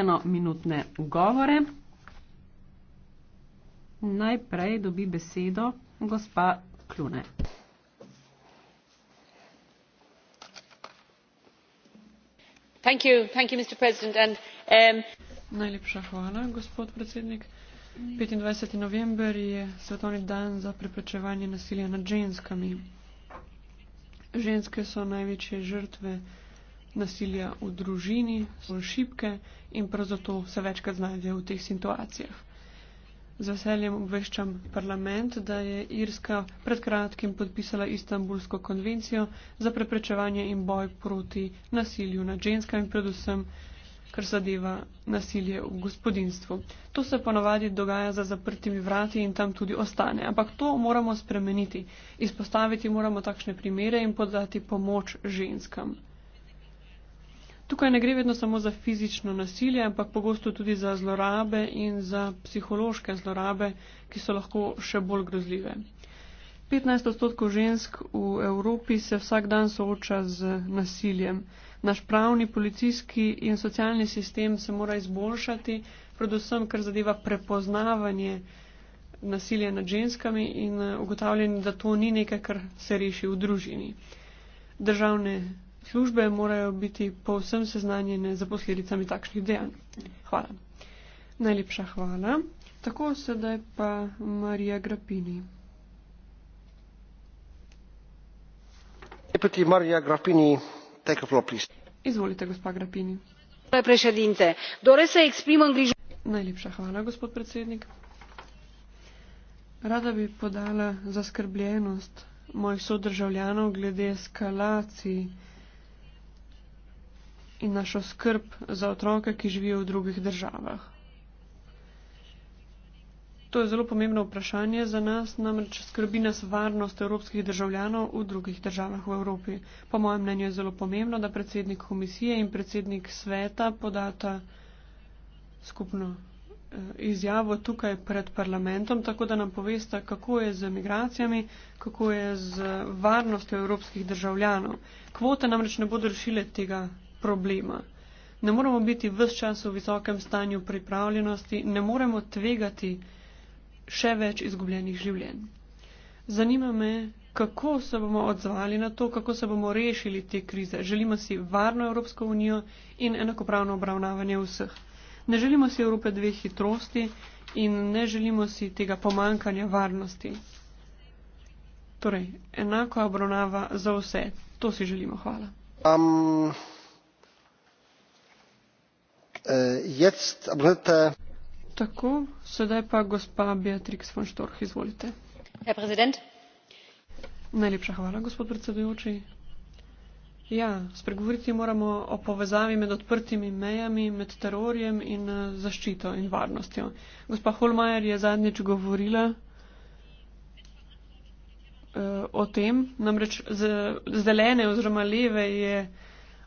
enominutne govore. Najprej dobi besedo gospa Klune. Thank you, thank you, Mr. President. And, um... Najlepša hvala, gospod predsednik. 25. november je svetovni dan za preprečevanje nasilja nad ženskami. Ženske so največje žrtve nasilja v družini, so šibke in prav zato se večkrat znajdejo v teh situacijah. Z veseljem obveščam parlament, da je Irska pred kratkim podpisala Istanbulsko konvencijo za preprečevanje in boj proti nasilju nad ženskami, predvsem kar zadeva nasilje v gospodinstvu. To se ponavadi dogaja za zaprtimi vrati in tam tudi ostane, ampak to moramo spremeniti. Izpostaviti moramo takšne primere in podati pomoč ženskam. Tukaj ne gre vedno samo za fizično nasilje, ampak pogosto tudi za zlorabe in za psihološke zlorabe, ki so lahko še bolj grozljive. 15 odstotkov žensk v Evropi se vsak dan sooča z nasiljem. Naš pravni, policijski in socialni sistem se mora izboljšati, predvsem kar zadeva prepoznavanje nasilje nad ženskami in eh, ugotavljanje, da to ni nekaj, kar se reši v družini. Državne službe morajo biti povsem seznanjene za posledicami takšnih dejanj. Hvala. Najlepša hvala. Tako sedaj pa Marija Grapini. Deputy Maria Grapini, take a floor, please. Izvolite, gospa Grapini. Najlepša hvala, gospod predsednik. Rada bi podala zaskrbljenost mojih sodržavljanov glede eskalacij in našo skrb za otroke, ki živijo v drugih državah. To je zelo pomembno vprašanje za nas, namreč skrbi nas varnost evropskih državljanov v drugih državah v Evropi. Po mojem mnenju je zelo pomembno, da predsednik komisije in predsednik sveta podata skupno eh, izjavo tukaj pred parlamentom, tako da nam povesta, kako je z migracijami, kako je z varnostjo evropskih državljanov. Kvote namreč ne bodo rešile tega problema. Ne moramo biti vse čas v visokem stanju pripravljenosti, ne moremo tvegati še več izgubljenih življenj. Zanima me, kako se bomo odzvali na to, kako se bomo rešili te krize. Želimo si varno Evropsko unijo in enakopravno obravnavanje vseh. Ne želimo si Evrope dve hitrosti in ne želimo si tega pomankanja varnosti. Torej, enaka obravnava za vse. To si želimo. Hvala. Um... Eh, herr präsident! najlepša hvala gospod predsedujoči. ja spregovoriti moramo o povezavi med odprtimi mejami med terorjem in eh, zaščito in varnostjo. gospa hohlmeier je zadnjič govorila eh, o tem namreč zelene oziroma leve je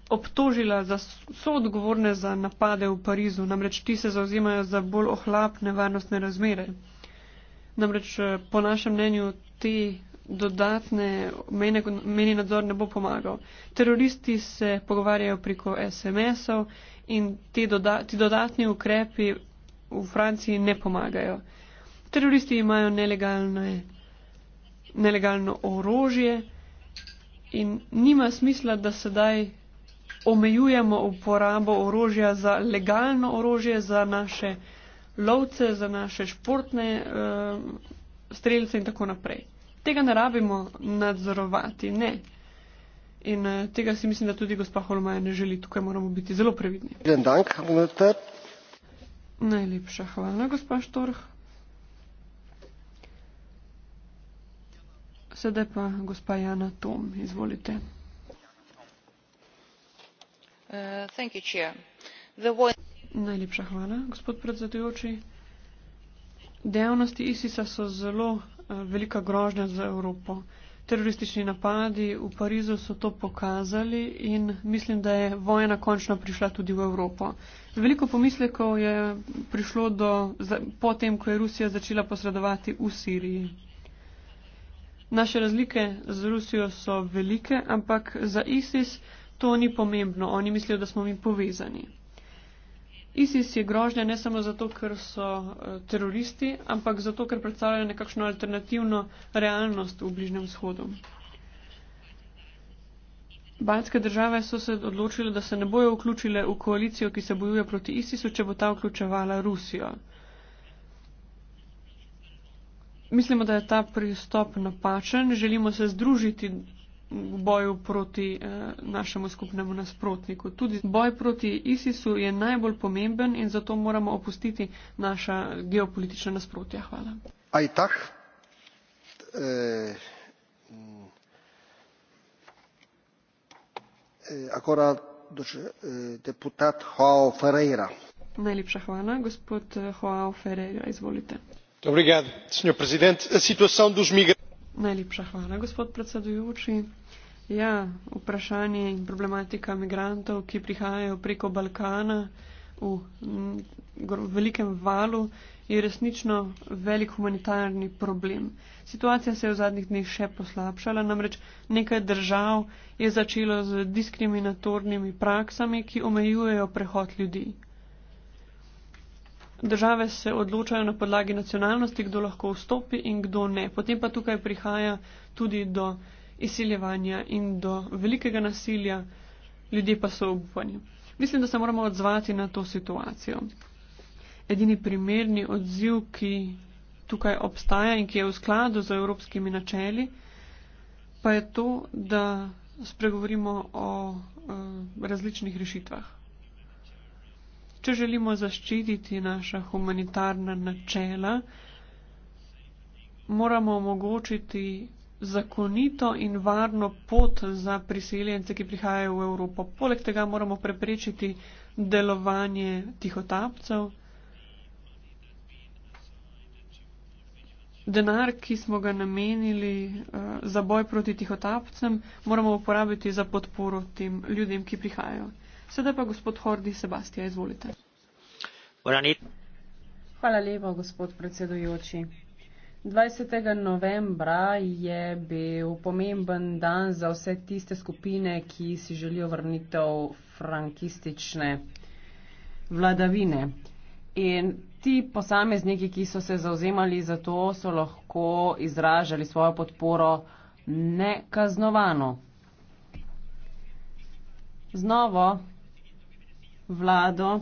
obtožila za soodgovorne za napade v Parizu, namreč ti se zauzimajo za bolj ohlapne varnostne razmere. Namreč eh, po našem mnenju te dodatne meni nadzor ne bo pomagal. Teroristi se pogovarjajo preko SMS-ov in ti doda, dodatni ukrepi v Franciji ne pomagajo. Teroristi imajo nelegalne, nelegalno orožje in nima smisla, da sedaj omejujemo uporabo orožja za legalno orožje, za naše lovce, za naše športne uh, eh, streljce in tako naprej. Tega ne rabimo nadzorovati, ne. In uh, tega si mislim, da tudi gospa Holmaja ne želi. Tukaj moramo biti zelo previdni. Najlepša hvala, gospa Štorh. Sedaj pa gospa Jana Tom, izvolite. Uh, Najlepša hvala, gospod predsedujoči. Dejavnosti ISIS-a so zelo uh, velika grožnja za Evropo. Teroristični napadi v Parizu so to pokazali in mislim, da je vojna končno prišla tudi v Evropo. Veliko pomislekov je prišlo do, potem, ko je Rusija začela posredovati v Siriji. Naše razlike z Rusijo so velike, ampak za ISIS to ni pomembno, oni mislijo, da smo mi povezani. ISIS je grožnja ne samo zato, ker so eh, teroristi, ampak zato, ker predstavljajo nekakšno alternativno realnost v Bližnjem shodu. Baljske države so se odločile, da se ne bojo vključile v koalicijo, ki se bojuje proti ISIS-u, če bo ta vključevala Rusijo. Mislimo, da je ta pristop napačen. Želimo se združiti v boju proti eh, našemu skupnemu nasprotniku. Tudi boj proti ISIS-u je najbolj pomemben in zato moramo opustiti naša geopolitična nasprotja. Hvala. Aj tak. Eh, eh, akora eh, deputat Joao Ferreira. Najlepša hvala, gospod Joao Ferreira, izvolite. Dobrigad, signor president. Situacija dos migrantov. Najlepša hvala, gospod predsedujoči. Ja, vprašanje in problematika migrantov, ki prihajajo preko Balkana v velikem valu, je resnično velik humanitarni problem. Situacija se je v zadnjih dneh še poslabšala, namreč nekaj držav je začelo z diskriminatornimi praksami, ki omejujejo prehod ljudi države se odločajo na podlagi nacionalnosti, kdo lahko vstopi in kdo ne. Potem pa tukaj prihaja tudi do izsiljevanja in do velikega nasilja, ljudje pa so obupani. Mislim, da se moramo odzvati na to situacijo. Edini primerni odziv, ki tukaj obstaja in ki je v skladu z evropskimi načeli, pa je to, da spregovorimo o uh, različnih rešitvah če želimo zaščititi naša humanitarna načela, moramo omogočiti zakonito in varno pot za priseljence, ki prihajajo v Evropo. Poleg tega moramo preprečiti delovanje tihotapcev. Denar, ki smo ga namenili uh, za boj proti tihotapcem, moramo uporabiti za podporo tem ljudem, ki prihajajo. Sedaj pa gospod Hordi Sebastija, izvolite. Hvala lepa, gospod predsedujoči. 20. novembra je bil pomemben dan za vse tiste skupine, ki si želijo vrnitev frankistične vladavine. In ti posamezniki, ki so se zauzemali za to, so lahko izražali svojo podporo nekaznovano. Znovo vlado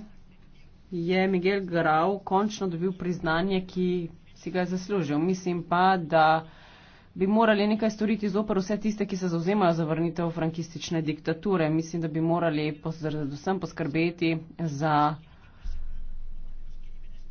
je Miguel Grau končno dobil priznanje, ki si ga je zaslužil. Mislim pa, da bi morali nekaj storiti zoper vse tiste, ki se zauzemajo za vrnitev frankistične diktature. Mislim, da bi morali predvsem poskrbeti za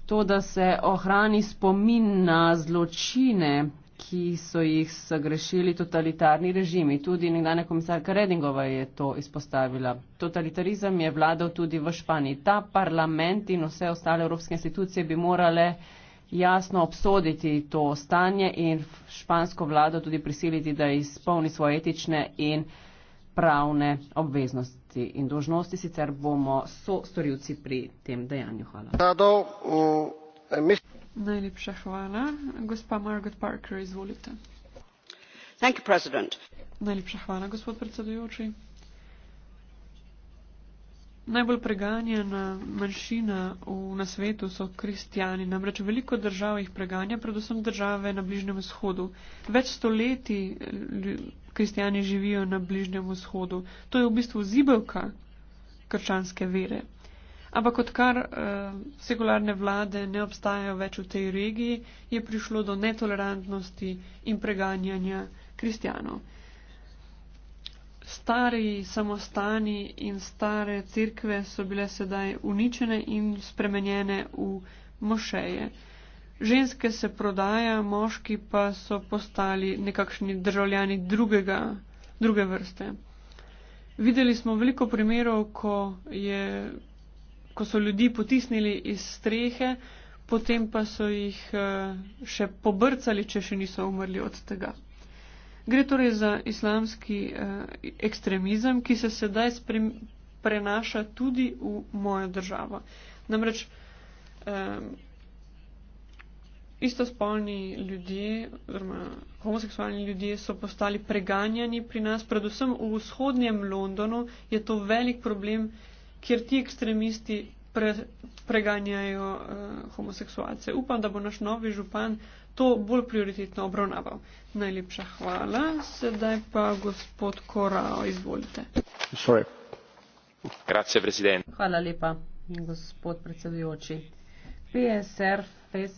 to, da se ohrani spomin na zločine ki so jih zagrešili totalitarni režimi. Tudi nekdana komisarka Redingova je to izpostavila. Totalitarizem je vladal tudi v Španiji. Ta parlament in vse ostale evropske institucije bi morale jasno obsoditi to stanje in špansko vlado tudi prisiliti, da izpolni svoje etične in pravne obveznosti in dožnosti. Sicer bomo so storilci pri tem dejanju. Hvala. Najlepša hvala. Gospa Margaret Parker, izvolite. Thank you, President. Najlepša hvala, gospod predsedujoči. Najbolj preganjena manjšina v, na svetu so kristijani, namreč veliko držav jih preganja, predvsem države na Bližnjem vzhodu. Več stoletij kristijani živijo na Bližnjem vzhodu. To je v bistvu zibelka krščanske vere. Ampak odkar uh, eh, sekularne vlade ne obstajajo več v tej regiji, je prišlo do netolerantnosti in preganjanja kristijanov. Stari samostani in stare cerkve so bile sedaj uničene in spremenjene v mošeje. Ženske se prodaja, moški pa so postali nekakšni državljani drugega, druge vrste. Videli smo veliko primerov, ko je ko so ljudi potisnili iz strehe, potem pa so jih eh, še pobrcali, če še niso umrli od tega. Gre torej za islamski eh, ekstremizem, ki se sedaj prenaša tudi v mojo državo. Namreč eh, istospolni ljudje oziroma homoseksualni ljudje so postali preganjani pri nas, predvsem v vzhodnjem Londonu je to velik problem, kjer ti ekstremisti pre, preganjajo uh, homoseksualce. Upam, da bo naš novi župan to bolj prioritetno obravnaval. Najlepša hvala. Sedaj pa gospod Korao, izvolite. Grazie, hvala lepa, gospod predsedujoči. PSR FES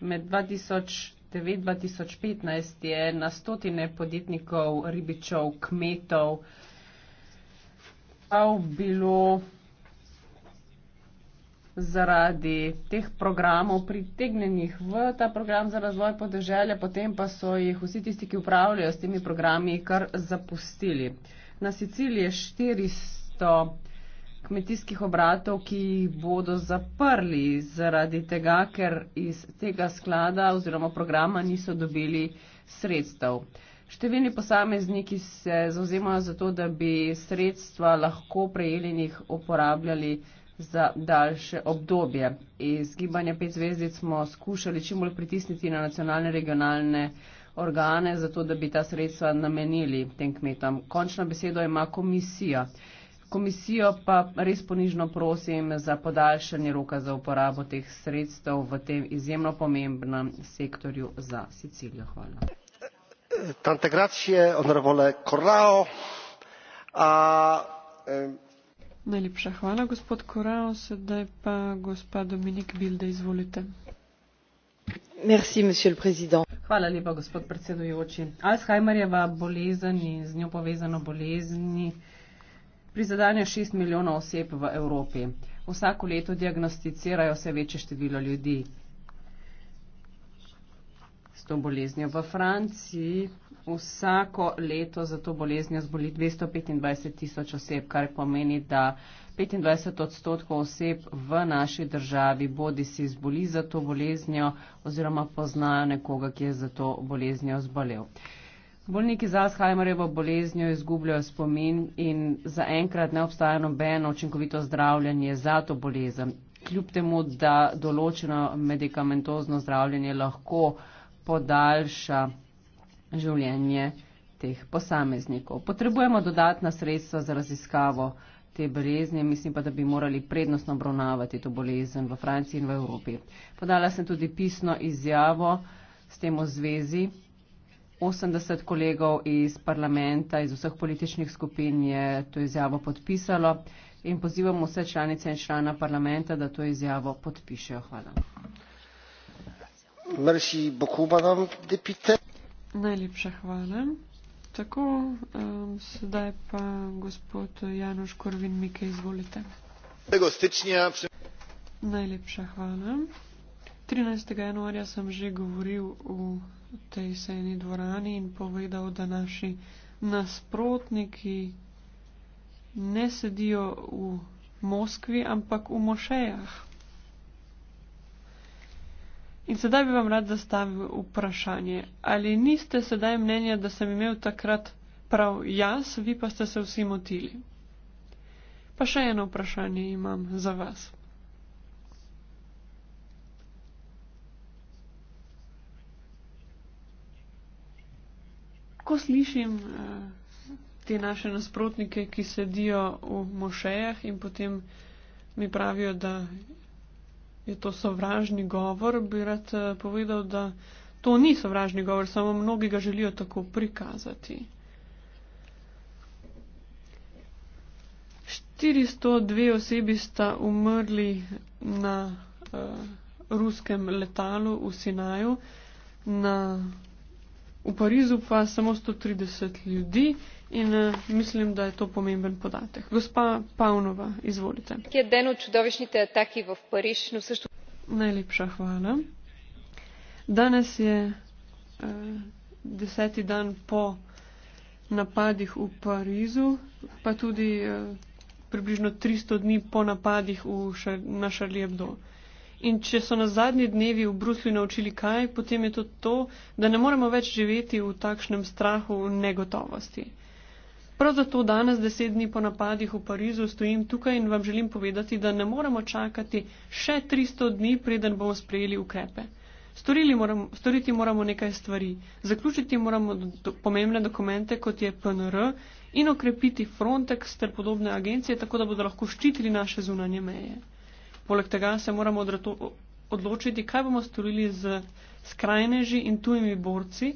med 2009-2015 je na stotine podjetnikov, ribičev, kmetov, žal bilo zaradi teh programov pritegnenih v ta program za razvoj podeželja, potem pa so jih vsi tisti, ki upravljajo s temi programi, kar zapustili. Na Siciliji je 400 kmetijskih obratov, ki jih bodo zaprli zaradi tega, ker iz tega sklada oziroma programa niso dobili sredstev. Uh, Številni posamezniki se zauzemajo za to, da bi sredstva lahko prejelenih uporabljali za daljše obdobje. Iz gibanja pet zvezdic smo skušali čim bolj pritisniti na nacionalne regionalne organe, zato da bi ta sredstva namenili tem kmetom. Končno besedo ima komisija. Komisijo pa res ponižno prosim za podaljšanje roka za uporabo teh sredstev v tem izjemno pomembnem sektorju za Sicilijo. Hvala najlepša hvala gospod corrao sedaj pa gospa dominique bilde izvolite hvala lepa gospod predsedujoči alzheimerjeva bolezen in z njo povezano bolezni prizadene šest milijonov oseb v evropi vsako leto diagnosticirajo vse večje število ljudi s to boleznjo. V Franciji vsako leto za to boleznjo zboli 225 tisoč oseb, kar pomeni, da 25 odstotkov oseb v naši državi bodi si zboli za to boleznjo oziroma poznajo nekoga, ki je za to boleznjo zbolel. Bolniki z Alzheimerjevo boleznjo izgubljajo spomin in zaenkrat ne obstaja nobeno učinkovito zdravljanje za to bolezen. Kljub temu, da določeno medicamentozno zdravljanje lahko uh, podaljša življenje teh posameznikov. Potrebujemo dodatna sredstva za raziskavo te bolezni, mislim pa, da bi morali prednostno obravnavati to bolezen v Franciji in v Evropi. Podala sem tudi pisno izjavo s tem v zvezi. 80 kolegov iz parlamenta, iz vseh političnih skupin je to izjavo podpisalo in pozivamo vse članice in člana parlamenta, da to izjavo podpišejo. Hvala merci beaucoup, madame députée. Najlepša hvala. Tako, um, sedaj pa gospod Janoš Korvin Mike, izvolite. Stičnja, pre... Najlepša hvala. 13. januarja sem že govoril v tej sejni dvorani in povedal, da naši nasprotniki ne sedijo v Moskvi, ampak v Mošejah. In sedaj bi vam rad zastavil vprašanje, ali niste sedaj mnenja, da sem imel takrat prav jaz, vi pa ste se vsi motili? Pa še eno vprašanje imam za vas. Ko slišim eh, te naše nasprotnike, ki sedijo v mošejah in potem mi pravijo, da je to sovražni govor, bi rad eh, povedal, da to ni sovražni govor, samo mnogi ga želijo tako prikazati. 402 osebi sta umrli na uh, ruskem letalu v Sinaju, na, v Parizu pa samo 130 ljudi in eh, mislim, da je to pomemben podatek. Gospa Pavnova, izvolite. Kje den čudovišnite ataki v Pariz? Vsešto... No, Najlepša hvala. Danes je eh, deseti dan po napadih v Parizu, pa tudi eh, približno 300 dni po napadih šar, na Charlie Hebdo. In če so nas zadnji dnevi v Bruslju naučili kaj, potem je to to, da ne moremo več živeti v takšnem strahu negotovosti. Prav zato danes, deset dni po napadih v Parizu, stojim tukaj in vam želim povedati, da ne moremo čakati še 300 dni, preden bomo sprejeli ukrepe. Moram, storiti moramo nekaj stvari. Zaključiti moramo do, pomembne dokumente, kot je PNR, in okrepiti Frontex ter podobne agencije, tako da bodo lahko ščitili naše zunanje meje. Poleg tega se moramo odrato, odločiti, kaj bomo storili z skrajneži in tujimi borci.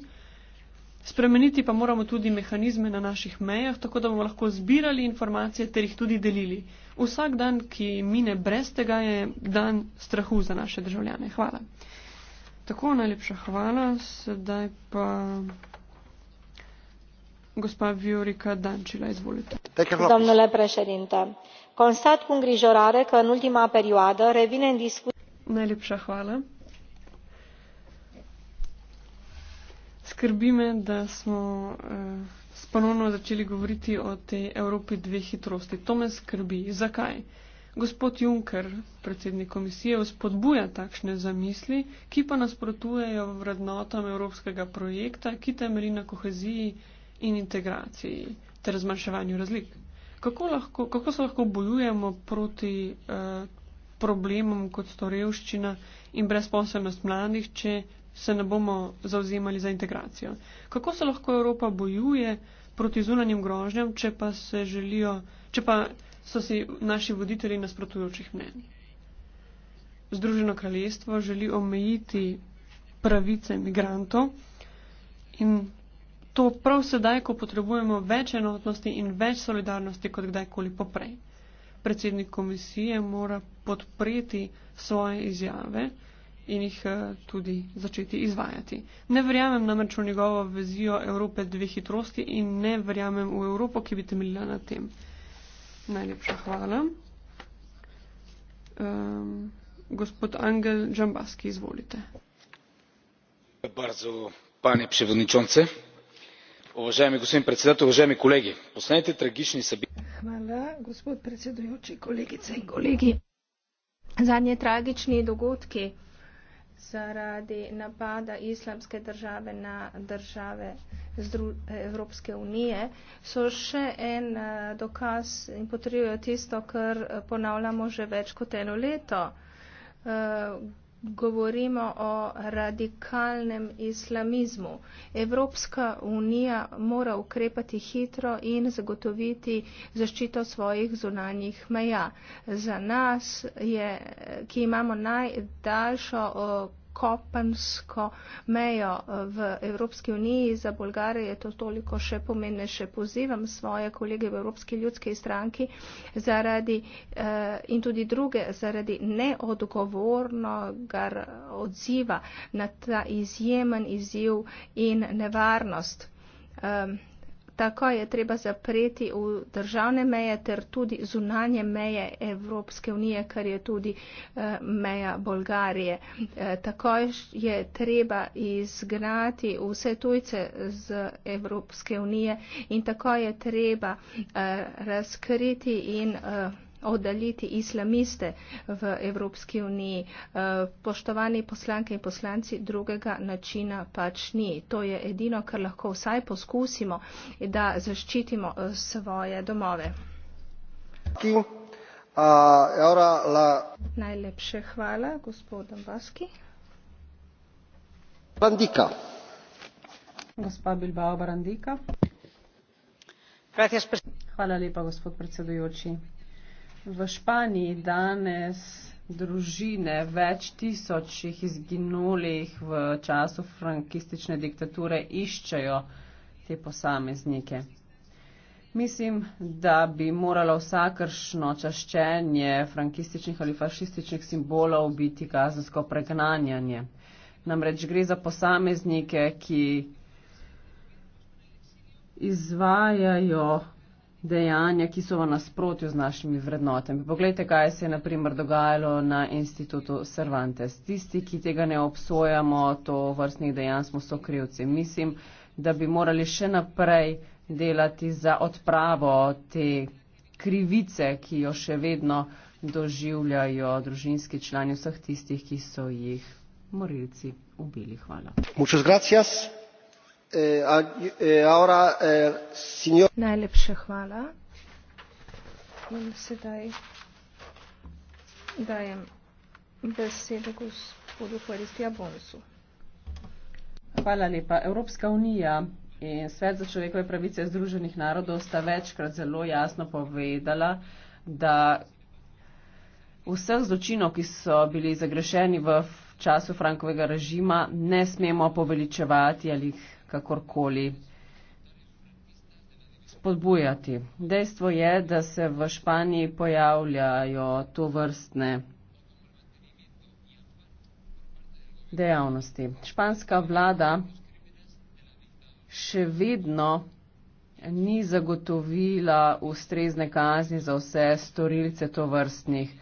Spremeniti pa moramo tudi mehanizme na naših mejah, tako da bomo lahko zbirali informacije ter jih tudi delili. Vsak dan, ki mine brez tega, je dan strahu za naše državljane. Hvala. Tako, najlepša hvala. Sedaj pa gospa Viorica Dančila, izvolite. Zdaj, mele prešedinte. Konstat kongrižorare, ki je nultima perioda, revine in diskusije. Najlepša hvala. skrbi me, da smo uh, ponovno začeli govoriti o tej Evropi dveh hitrosti. To me skrbi. Zakaj? Gospod Juncker, predsednik komisije, spodbuja takšne zamisli, ki pa nasprotujejo vrednotam evropskega projekta, ki temelji na koheziji in integraciji ter zmanjševanju razlik. Kako, lahko, kako se lahko bojujemo proti uh, problemom kot storevščina in brezposobnost mladih, če se ne bomo zauzemali za integracijo. Kako se lahko Evropa bojuje proti zunanjim grožnjam, če pa, želijo, če pa so si naši voditelji nasprotujočih mnen? Združeno kraljestvo želi omejiti pravice imigrantov in to prav sedaj, ko potrebujemo več enotnosti in več solidarnosti kot kdajkoli poprej. Predsednik komisije mora podpreti svoje izjave in jih eh, tudi začeti izvajati. Ne verjamem namreč v njegovo vezijo Evrope dve hitrosti in ne verjamem v Evropo, ki bi temeljila na tem. Najlepša hvala. Um, gospod Angel Džambaski, izvolite. Bardzo panie przewodniczący, uważajmy gospodin predsjedatelj, uważajmy kolegi. Poslanite tragični sabi... Hvala, gospod predsedujoči, kolegice in kolegi. Zadnje tragični dogodki zaradi napada islamske države na države Evropske unije, so še en eh, dokaz in potrjujejo tisto, kar eh, ponavljamo že več kot eno leto. Eh, govorimo o radikalnem islamizmu. Evropska unija mora ukrepati hitro in zagotoviti zaščito svojih zunanjih meja. Za nas, je, ki imamo najdaljšo kopansko mejo eh, v Evropski uniji. Za Bolgare je to toliko še pomene, še pozivam svoje kolege v Evropski ljudski stranki zaradi, eh, in tudi druge zaradi neodgovornega eh, odziva na ta izjemen izziv in nevarnost. Eh, tako je treba zapreti v državne meje ter tudi zunanje meje Evropske unije, kar je tudi eh, meja Bolgarije. Eh, tako je treba izgnati vse tujce z Evropske unije in tako je treba eh, razkriti in oddaljiti islamiste v Evropski uniji. Eh, Poštovani poslanke in poslanci, drugega načina pač ni. To je edino, kar lahko vsaj poskusimo, da zaščitimo eh, svoje domove. Najlepše hvala, gospod Dambaski. Brandika. Gospa Bilbao Brandika. Hvala lepa, gospod predsedujoči v Španiji danes družine več tisočih izginulih v času frankistične diktature iščejo te posameznike. Mislim, da bi moralo vsakršno čaščenje frankističnih ali fašističnih simbolov biti kazensko pregnanjanje. Namreč gre za posameznike, ki izvajajo dejanja, ki so v nasprotju z našimi vrednotami. Poglejte, kaj se je naprimer dogajalo na institutu Cervantes. Tisti, ki tega ne obsojamo, to vrstnih dejanj smo sokrivci. Mislim, da bi morali še naprej delati za odpravo te krivice, ki jo še vedno doživljajo družinski člani vseh tistih, ki so jih morilci ubili. Hvala. Eh, eh, eh, najlepša hvala in sedaj dajem besedo gospodu Faristija Bonsu. Hvala lepa. Evropska unija in Svet za človekove pravice Združenih narodov sta večkrat zelo jasno povedala, da vseh zločinov, ki so bili zagrešeni v času Frankovega režima, ne smemo poveličevati ali jih kakorkoli spodbujati. Dejstvo je, da se v Španiji pojavljajo to vrstne dejavnosti. Španska vlada še vedno ni zagotovila ustrezne kazni za vse storilce to vrstnih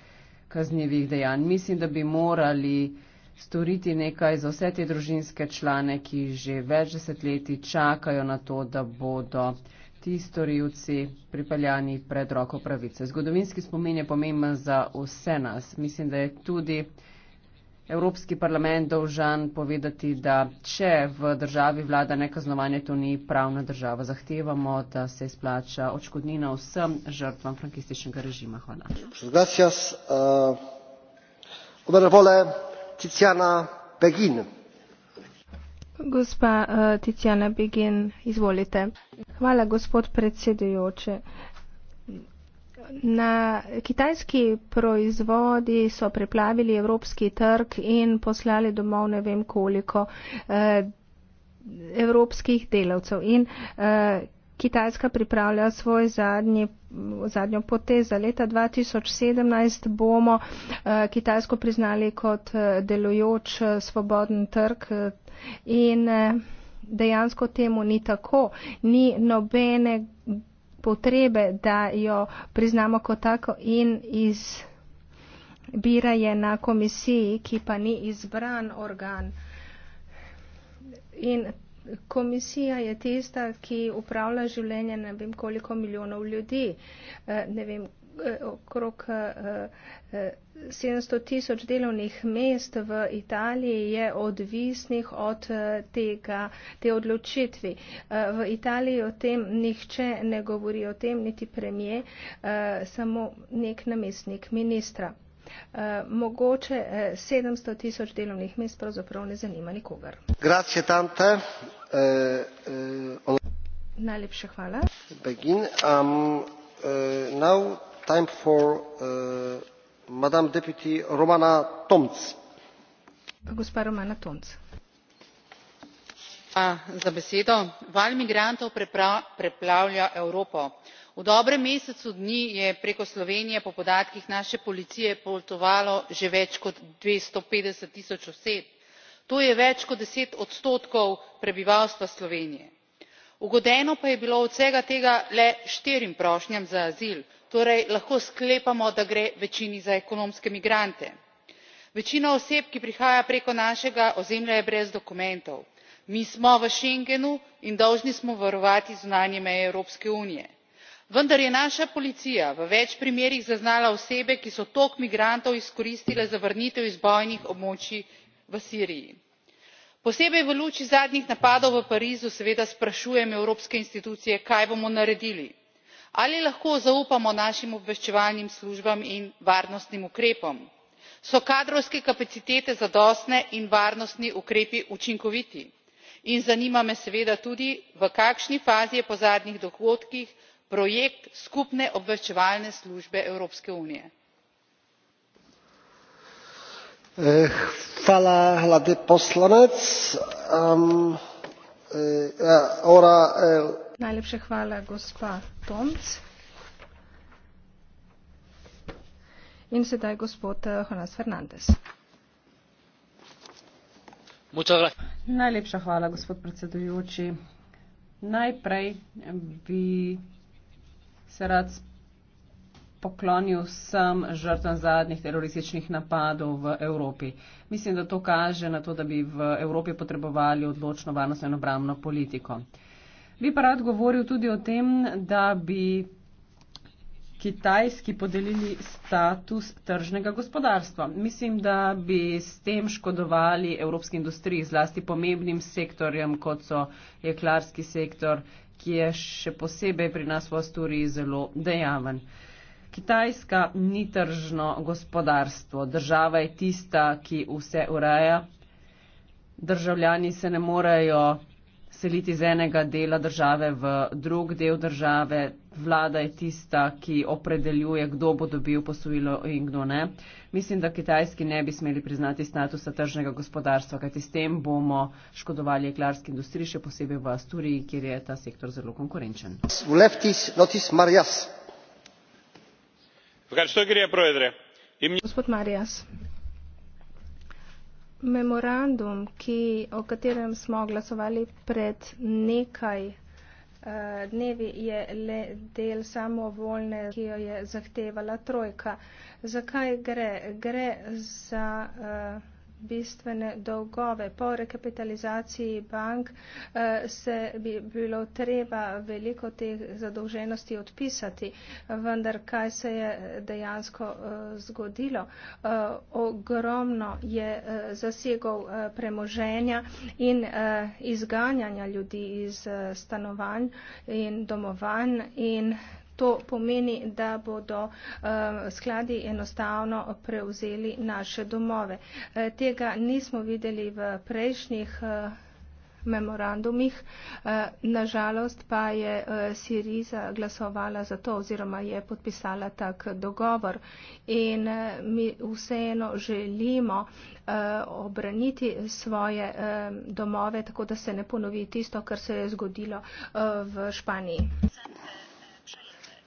kaznjivih dejanj. Mislim, da bi morali uh, storiti nekaj za vse te družinske člane, ki že več desetletij čakajo na to, da bodo ti storilci pripeljani pred roko pravice. Zgodovinski spomin je pomemben za vse nas. Mislim, da je tudi Evropski parlament dolžan povedati, da če v državi vlada nekaznovanje, to ni pravna država. Zahtevamo, da se izplača očkodnina vsem žrtvam frankističnega režima. Hvala. Gracias, uh... Eh, Obrvole, Tiziana Begin. Gospa uh, Tiziana Begin, izvolite. Hvala, gospod predsedujoče. Na kitajski proizvodi so preplavili evropski trg in poslali domov ne vem koliko uh, evropskih delavcev. In, uh, Kitajska pripravlja svoj zadnji, zadnjo potez. Za leta 2017 bomo eh, Kitajsko priznali kot eh, delujoč eh, svoboden trg in dejansko temu ni tako. Ni nobene potrebe, da jo priznamo kot tako in iz. Bira je na komisiji, ki pa ni izbran organ. In komisija je tista, ki upravlja življenje ne vem koliko milijonov ljudi, eh, ne vem, eh, okrog 700 eh, tisoč delovnih mest v Italiji je odvisnih od tega, te odločitvi. V Italiji o tem nihče ne govori, o tem niti premije, samo nek namestnik ministra eh, mogoče eh, sedemsto eh, tisoč delovnih mest pravzaprav ne zanima nikogar. Grazie tante. Eh, eh, Najlepša hvala. Begin, um, eh, now time for eh, madame deputy Romana Tomc. Gospa Romana Tomc. Hvala za besedo. Val migrantov preplavlja Evropo v dobrem mesecu dni je preko slovenije po podatkih naše policije potovalo že več kot dvesto petdeset tisoč oseb to je več kot deset odstotkov prebivalstva slovenije ugodeno pa je bilo od vsega tega le štirim prošnjam za azil torej lahko sklepamo da gre večini za ekonomske migrante. večina oseb ki prihaja preko našega ozemlja je brez dokumentov. mi smo v schengnu in dolžni smo varovati zunanje meje evropske unije vendar je naša policija v več primerih zaznala osebe ki so tok migrantov izkoristile za vrnitev iz bojnih območij v siriji. posebej v luči zadnjih napadov v parizu seveda sprašujem evropske institucije kaj bomo naredili ali lahko zaupamo našim obveščevalnim službam in varnostnim ukrepom so kadrovske kapacitete zadostne in varnostni ukrepi učinkoviti in zanima me seveda tudi v kakšni fazi je po zadnjih dogodkih projekt skupne obveščevalne službe evropske unije. Eh, eh, ja, eh, najlepša hvala gospa tomc in sedaj gospod jonas fernandes. najlepša hvala gospod predsedujoči. najprej bi se rad poklonil vsem žrtvam zadnjih terorističnih napadov v Evropi. Mislim, da to kaže na to, da bi v Evropi potrebovali odločno varnostno in obramno politiko. Bi pa rad govoril tudi o tem, da bi Kitajski podelili status tržnega gospodarstva. Mislim, da bi s tem škodovali evropski industriji, zlasti pomembnim sektorjem, kot so jeklarski sektor, ki je še posebej pri nas v Asturiji zelo dejaven. Kitajska ni tržno gospodarstvo. Država je tista, ki vse ureja. Državljani se ne morejo seliti iz enega dela države v drug del države. Vlada je tista, ki opredeljuje, kdo bo dobil posojilo in kdo ne. Mislim, da Kitajski ne bi smeli priznati statusa tržnega gospodarstva, kajti s tem bomo škodovali jeklarski industriji, še posebej v Asturiji, kjer je ta sektor zelo konkurenčen. Gospod Marijas. Memorandum, ki, o katerem smo glasovali pred nekaj eh, dnevi, je le del samovoljne, ki jo je zahtevala trojka. Zakaj gre? Gre za. Uh, bistvene dolgove. Po rekapitalizaciji bank eh, se bi bilo treba veliko teh zadolženosti odpisati, vendar kaj se je eh, dejansko eh, zgodilo? Ogromno je zasegov premoženja in izganjanja ljudi iz stanovanj in domovanj in To pomeni, da bodo eh, skladi enostavno prevzeli naše domove. Eh, tega nismo videli v prejšnjih eh, memorandumih. Nažalost pa je Siriza glasovala za to oziroma je podpisala tak dogovor in mi vseeno želimo obraniti svoje domove, tako da se ne ponovi tisto, kar se je zgodilo v Španiji.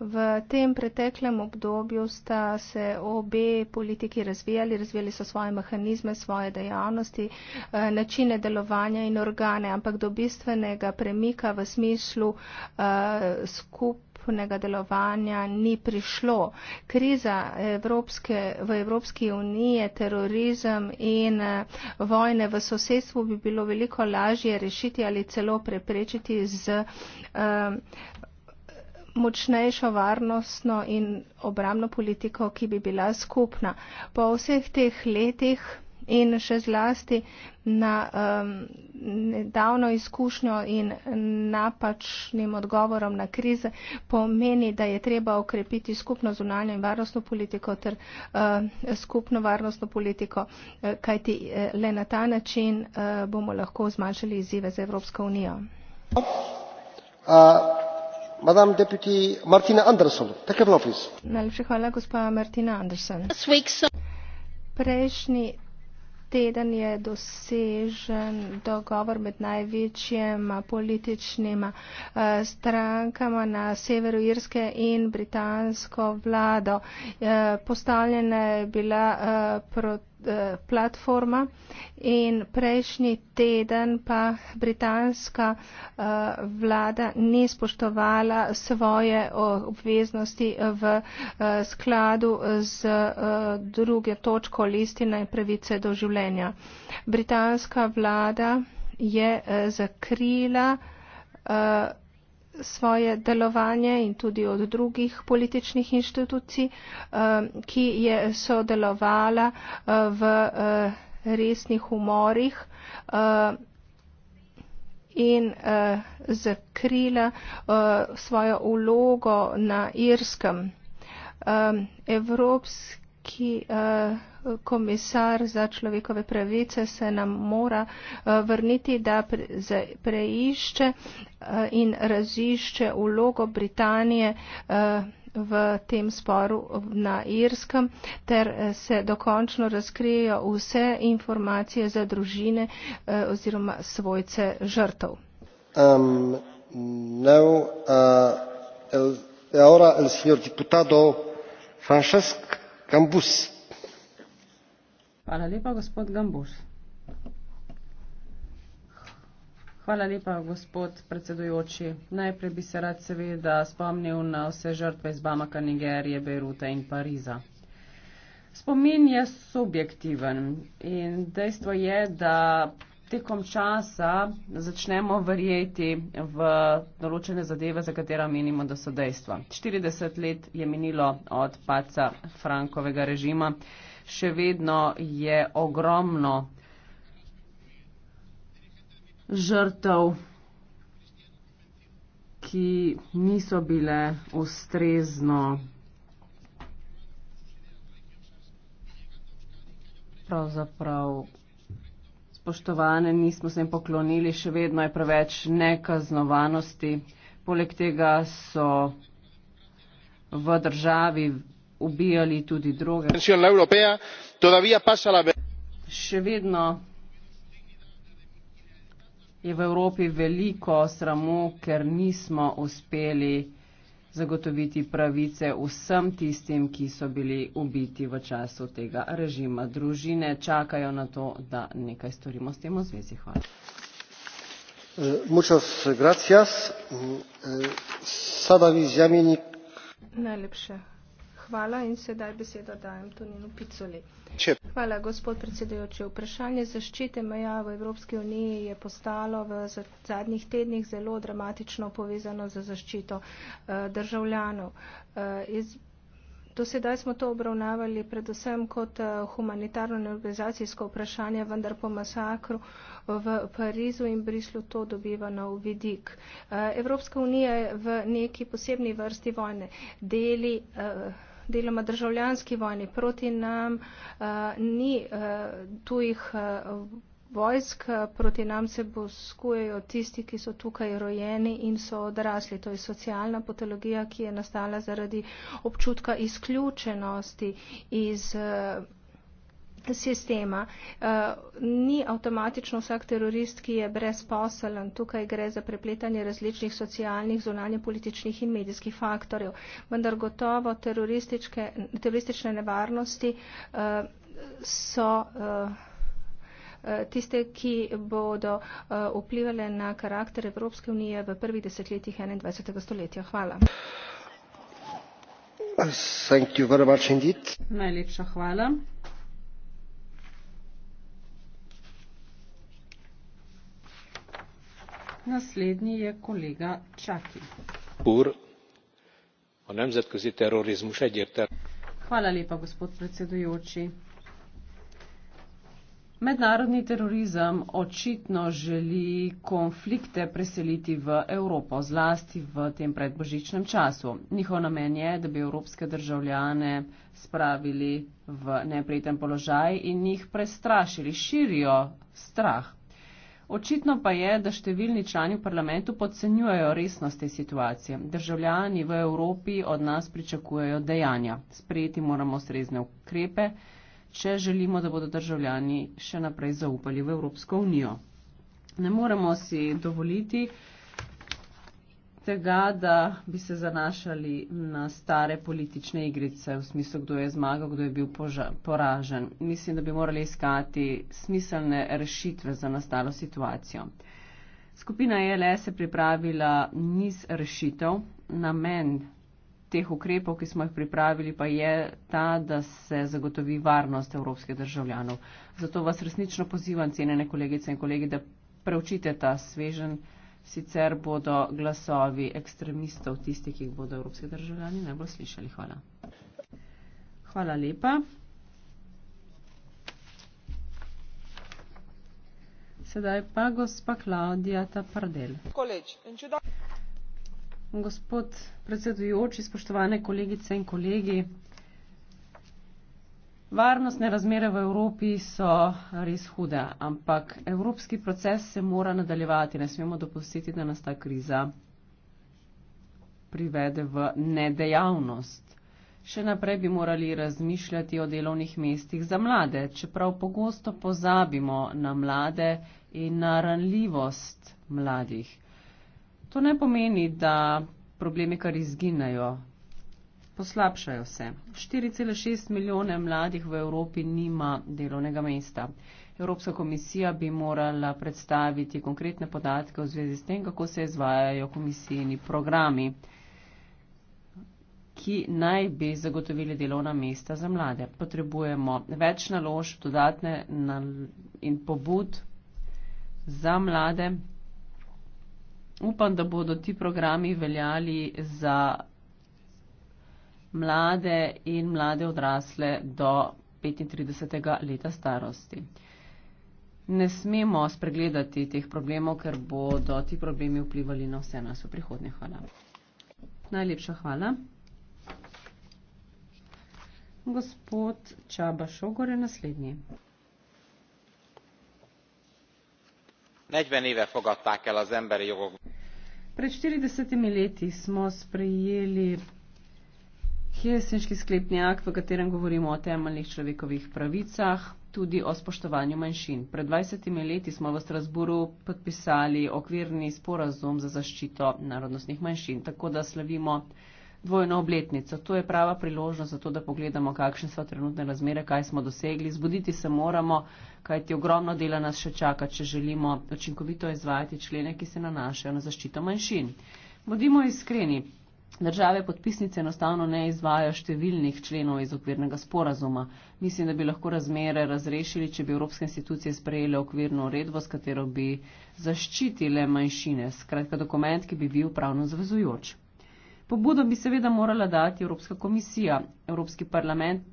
V tem preteklem obdobju sta se obe politiki razvijali, razvijali so svoje mehanizme, svoje dejavnosti, eh, načine delovanja in organe, ampak do bistvenega premika v smislu eh, skupnega delovanja ni prišlo. Kriza Evropske, v Evropski uniji, terorizem in eh, vojne v sosedstvu bi bilo veliko lažje rešiti ali celo preprečiti z močnejšo varnostno in obramno politiko, ki bi bila skupna. Po vseh teh letih in še zlasti na um, nedavno izkušnjo in napačnim odgovorom na krize pomeni, da je treba okrepiti skupno zunanjo in varnostno politiko ter uh, skupno varnostno politiko, eh, kajti eh, le na ta način uh, bomo lahko zmanjšali izzive za Evropsko unijo. Uh prejšnji teden je dosežen dogovor med največjima političnima eh, strankama na severu Irske in britansko vlado. Eh, postavljena je bila eh, proti Eh, platforma in prejšnji teden pa britanska eh, vlada ni spoštovala svoje obveznosti eh, v skladu z druge točko listina in pravice do življenja. Britanska vlada je zakrila svoje delovanje in tudi od drugih političnih inštitucij, eh, ki je sodelovala eh, v eh, resnih umorih in zakrila svojo ulogo na Irskem. Evropski ki eh, komisar za človekove pravice se nam mora eh, vrniti, da preišče eh, in razišče vlogo Britanije v tem sporu na Irskem, ter se dokončno razkrijejo vse informacije za družine oziroma svojce žrtev. Um, no, uh, el, ahora e el señor diputado Francesc gambus. Hvala lepa, gospod Gambus. Hvala lepa, gospod predsedujoči. Najprej bi se rad seveda spomnil na vse žrtve iz Bamaka, Nigerije, Beiruta in Pariza. Spomin je subjektiven in dejstvo je, da tekom časa začnemo verjeti v določene zadeve, za katera menimo, da so dejstva. 40 let je minilo od paca Frankovega režima, še vedno je ogromno žrtev, ki niso bile ustrezno pravzaprav spoštovane, nismo se jim poklonili, še vedno je preveč nekaznovanosti. Poleg tega so v državi ubijali tudi druge. Še vedno je v Evropi veliko sramu, ker nismo uspeli zagotoviti pravice vsem tistim, ki so bili ubiti v času tega režima. Družine čakajo na to, da nekaj storimo s tem v zvezi. Hvala. E, muchas gracias. E, sada vi zamjenik. Najlepše. Hvala in sedaj besedo dajem Toninu Picoli. Če. Hvala, gospod predsedujoči. Vprašanje zaščite meja v Evropski uniji je postalo v zadnjih tednih zelo dramatično povezano za zaščito uh, državljanov. Uh, iz, do sedaj smo to obravnavali predvsem kot uh, humanitarno neorganizacijsko vprašanje, vendar po masakru v Parizu in Brislu to dobiva nov vidik. Uh, Evropska unija je v neki posebni vrsti vojne deli. Uh, deloma državljanski vojni. Proti nam uh, ni uh, tujih uh, vojsk, proti nam se boskujejo tisti, ki so tukaj rojeni in so odrasli. To je socialna patologija, ki je nastala zaradi občutka izključenosti iz. Uh, sistema. Eh, ni avtomatično vsak terorist, ki je brezposelen. Tukaj gre za prepletanje različnih socialnih, zunanje političnih in medijskih faktorjev. Vendar gotovo teroristične nevarnosti eh, so eh, tiste, ki bodo vplivali na karakter Evropske unije v prvih desetletjih 21. stoletja. Hvala. Najlepša hvala. naslednji je kolega Čaki. Úr, a nemzetközi terrorizmus egyértelmű. Hvala lepa, gospod predsedujoči. Mednarodni terorizem očitno želi konflikte preseliti v Evropo, zlasti v tem predbožičnem času. Njihov namen je, da bi evropske državljane spravili v neprijeten položaj in jih prestrašili, širijo strah Očitno pa je, da številni člani v parlamentu podcenjujejo resnost te situacije. Državljani v Evropi od nas pričakujejo dejanja. Sprejeti moramo srezne ukrepe, če želimo, da bodo državljani še naprej zaupali v Evropsko unijo. Ne moremo si dovoliti, tega, da bi se zanašali na stare politične igrice, v smislu, kdo je zmagal, kdo je bil poža, poražen. Mislim, da bi morali iskati smiselne rešitve za nastalo situacijo. Skupina ELS je pripravila niz rešitev. Namen teh ukrepov, ki smo jih pripravili, pa je ta, da se zagotovi varnost evropskih državljanov. Zato vas resnično pozivam, cenjene kolegice in kolegi, da preučite ta svežen sicer bodo glasovi ekstremistov tisti, ki jih bodo evropski državljani najbolj slišali. Hvala. Hvala lepa. Sedaj pa gospa Klaudija Tapardel. Gospod predsedujoči, spoštovane kolegice in kolegi. Varnostne razmere v Evropi so res hude, ampak evropski proces se mora nadaljevati. Ne smemo dopustiti, da nas ta kriza privede v nedejavnost. Še naprej bi morali razmišljati o delovnih mestih za mlade, čeprav pogosto pozabimo na mlade in na ranljivost mladih. To ne pomeni, da problemi kar izginajo, poslabšajo se. 4,6 milijone mladih v Evropi nima delovnega mesta. Evropska komisija bi morala predstaviti konkretne podatke v zvezi s tem, kako se izvajajo komisijeni programi, ki naj bi zagotovili delovna mesta za mlade. Potrebujemo več nalož, dodatne nal in pobud za mlade. Upam, da bodo ti programi veljali za mlade in mlade odrasle do 35. leta starosti. Ne smemo spregledati teh problemov, ker bodo ti problemi vplivali na vse nas v prihodnje. Hvala. Najlepša hvala. Gospod Čaba Šogor je naslednji. 40 leve fogadták el az emberi jogok. Pred 40 leti smo sprejeli Kje je sinjski sklepni akt, v katerem govorimo o temeljnih človekovih pravicah, tudi o spoštovanju manjšin? Pred 20 leti smo v Strasburu podpisali okvirni sporazum za zaščito narodnostnih manjšin, tako da slavimo dvojno obletnico. To je prava priložnost za to, da pogledamo, kakšne so trenutne razmere, kaj smo dosegli. Zbuditi se moramo, kajti ogromno dela nas še čaka, če želimo učinkovito izvajati člene, ki se nanašajo na zaščito manjšin. Bodimo iskreni, Države podpisnice enostavno ne izvajo številnih členov iz okvirnega sporazuma. Mislim, da bi lahko razmere razrešili, če bi evropske institucije sprejele okvirno uredbo, s katero bi zaščitile manjšine, skratka dokument, ki bi bil pravno zavezujoč. Pobudo bi seveda morala dati Evropska komisija. Evropski parlament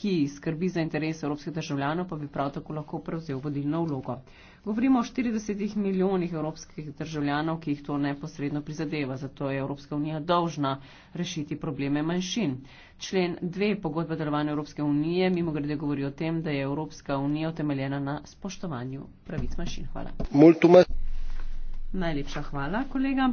ki skrbi za interes evropskih državljanov, pa bi prav tako lahko prevzel vodilno vlogo. Govorimo o 40 milijonih evropskih državljanov, ki jih to neposredno prizadeva, zato je Evropska unija dolžna rešiti probleme manjšin. Člen 2 pogodbe delovanja Evropske unije mimo grede govori o tem, da je Evropska unija utemeljena na spoštovanju pravic manjšin. Hvala. Najlepša hvala, kolega.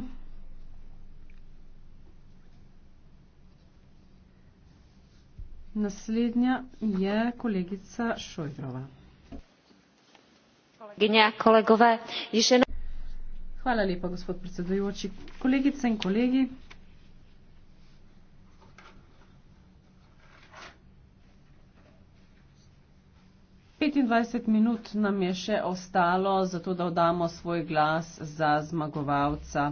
Naslednja je kolegica Šojfrova. Kolegenja, kolegove, in še ne. Hvala lepa, gospod predsedujoči. Kolegice in kolegi. petindvajset minut nam je še ostalo, zato da oddamo svoj glas za zmagovalca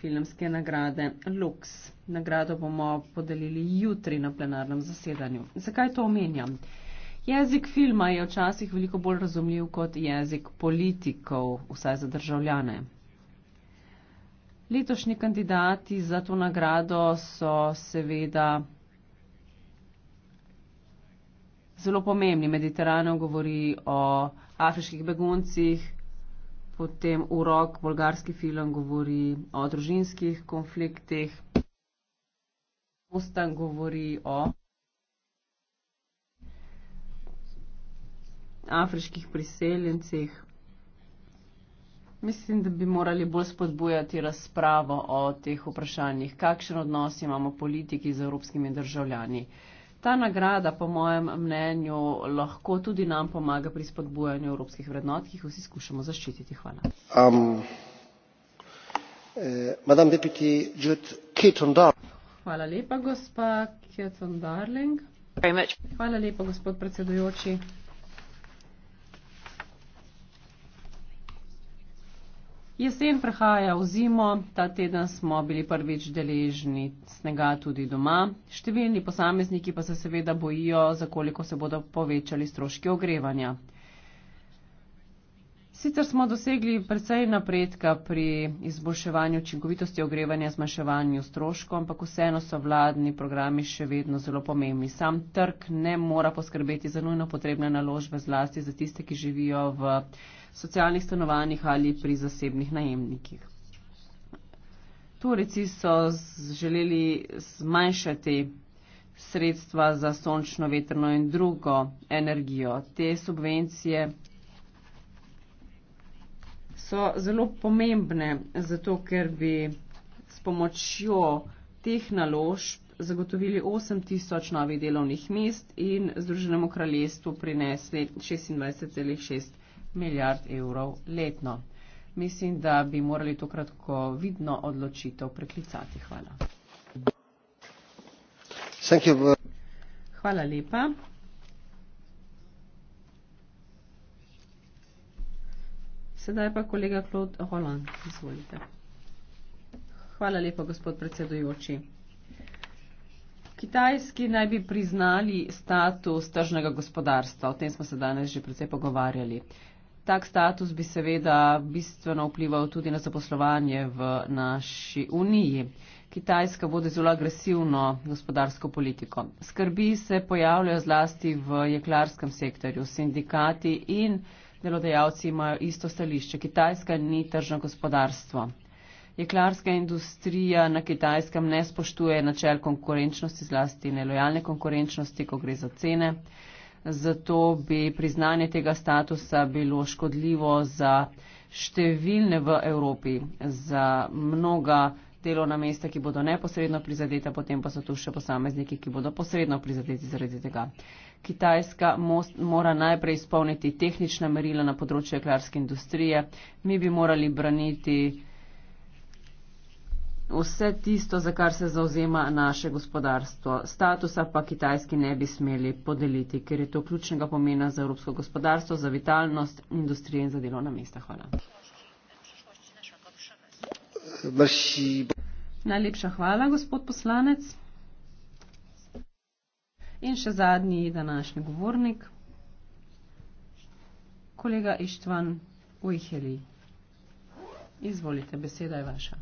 filmske nagrade Lux. Nagrado bomo podelili jutri na plenarnem zasedanju. Zakaj to omenjam? Jezik filma je včasih veliko bolj razumljiv kot jezik politikov, vsaj za državljane. Letošnji kandidati za to nagrado so seveda zelo pomembni. Mediterano govori o afriških beguncih, potem Urok, bolgarski film govori o družinskih konfliktih. Mustang govori o afriških priseljencih. Mislim, da bi morali bolj spodbujati razpravo o teh vprašanjih, kakšen odnos imamo politiki z evropskimi državljani. Ta nagrada, po mojem mnenju, lahko tudi nam pomaga pri spodbujanju evropskih vrednot, ki jih vsi skušamo zaščititi. Hvala. Um, eh, Hvala lepa, gospa Kjecon Darling. Hvala lepa, gospod predsedujoči. Jesen prehaja v zimo, ta teden smo bili prvič deležni snega tudi doma. Številni posamezniki pa se seveda bojijo, za koliko se bodo povečali stroški ogrevanja. Sicer smo dosegli precej napredka pri izboljševanju učinkovitosti ogrevanja, zmanjševanju stroškov, ampak vseeno so vladni programi še vedno zelo pomembni. Sam trg ne mora poskrbeti za nujno potrebne naložbe zlasti za tiste, ki živijo v socialnih stanovanjih ali pri zasebnih najemnikih. Turici so želeli zmanjšati sredstva za sončno, vetrno in drugo energijo. Te subvencije so zelo pomembne, zato ker bi s pomočjo teh naložb zagotovili 8000 novih delovnih mest in Združenemu kraljestvu prinesli 26,6 milijard evrov letno. Mislim, da bi morali tokrat, ko vidno odločitev, preklicati. Hvala. Hvala lepa. Sedaj pa kolega Claude Holland, izvolite. Hvala lepo, gospod predsedujoči. Kitajski naj bi priznali status tržnega gospodarstva, o tem smo se danes že precej pogovarjali. Tak status bi seveda bistveno vplival tudi na zaposlovanje v naši uniji. Kitajska vodi zelo agresivno gospodarsko politiko. Skrbi se pojavljajo zlasti v jeklarskem sektorju, sindikati in delodajalci imajo isto stališče. Kitajska ni tržno gospodarstvo. Jeklarska industrija na kitajskem ne spoštuje načel konkurenčnosti, zlasti nelojalne konkurenčnosti, ko gre za cene. Zato bi priznanje tega statusa bilo škodljivo za številne v Evropi, za mnoga delovna mesta, ki bodo neposredno prizadeta, potem pa so tu še posamezniki, ki bodo posredno prizadeti zaradi tega. Kitajska most, mora najprej izpolniti tehnična merila na področju jeklarske industrije. Mi bi morali braniti vse tisto, za kar se zauzema naše gospodarstvo. Statusa pa kitajski ne bi smeli podeliti, ker je to ključnega pomena za evropsko gospodarstvo, za vitalnost industrije in za delovna mesta. Hvala. Merci. Najlepša hvala, gospod poslanec. In še zadnji današnji govornik, kolega Ištvan Ujheli. Izvolite, beseda je vaša.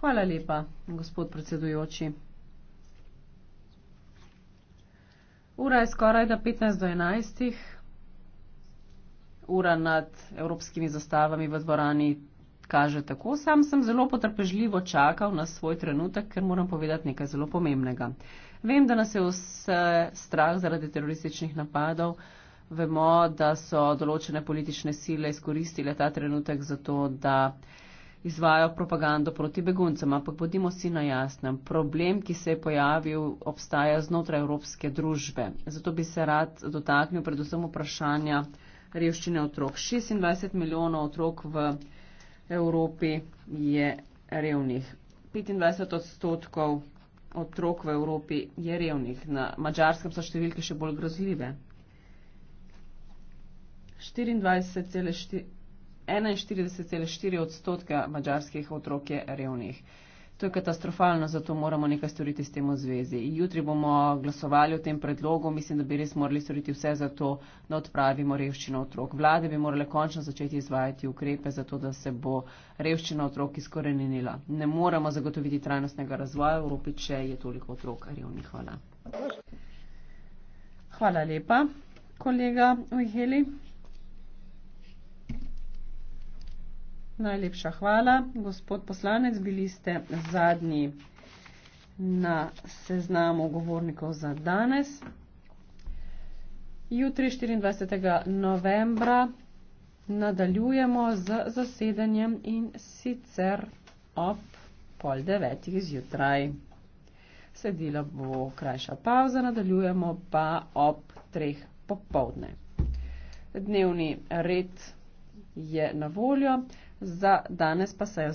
Hvala lepa, gospod predsedujoči. Ura je skoraj da 15 do 11 ura nad evropskimi zastavami v dvorani kaže tako. Sam sem zelo potrpežljivo čakal na svoj trenutek, ker moram povedati nekaj zelo pomembnega. Vem, da nas je vse strah zaradi terorističnih napadov. Vemo, da so določene politične sile izkoristile ta trenutek za to, da izvajo propagando proti beguncem, ampak bodimo si na jasnem. Problem, ki se je pojavil, obstaja znotraj evropske družbe. Zato bi se rad dotaknil predvsem vprašanja, revščine otrok. 26 milijonov otrok v Evropi je revnih. 25 odstotkov otrok v Evropi je revnih. Na mačarskem so številke še bolj grozljive. 24,4 odstotka mačarskih otrok je revnih. To je katastrofalno, zato moramo nekaj storiti s tem v zvezi. Jutri bomo glasovali o tem predlogu, mislim, da bi res morali storiti vse za to, da odpravimo revščino otrok. Vlade bi morale končno začeti izvajati ukrepe za to, da se bo revščina otrok izkoreninila. Ne moramo zagotoviti trajnostnega razvoja v Evropi, če je toliko otrok revnih. Hvala. Hvala lepa, kolega Ujheli. Najlepša hvala. Gospod poslanec, bili ste zadnji na seznamu govornikov za danes. Jutri 24. novembra nadaljujemo z zasedanjem in sicer ob pol devetih zjutraj. Sedila bo krajša pauza, nadaljujemo pa ob treh popovdne. Dnevni red je na voljo. Za danes pa se je začela.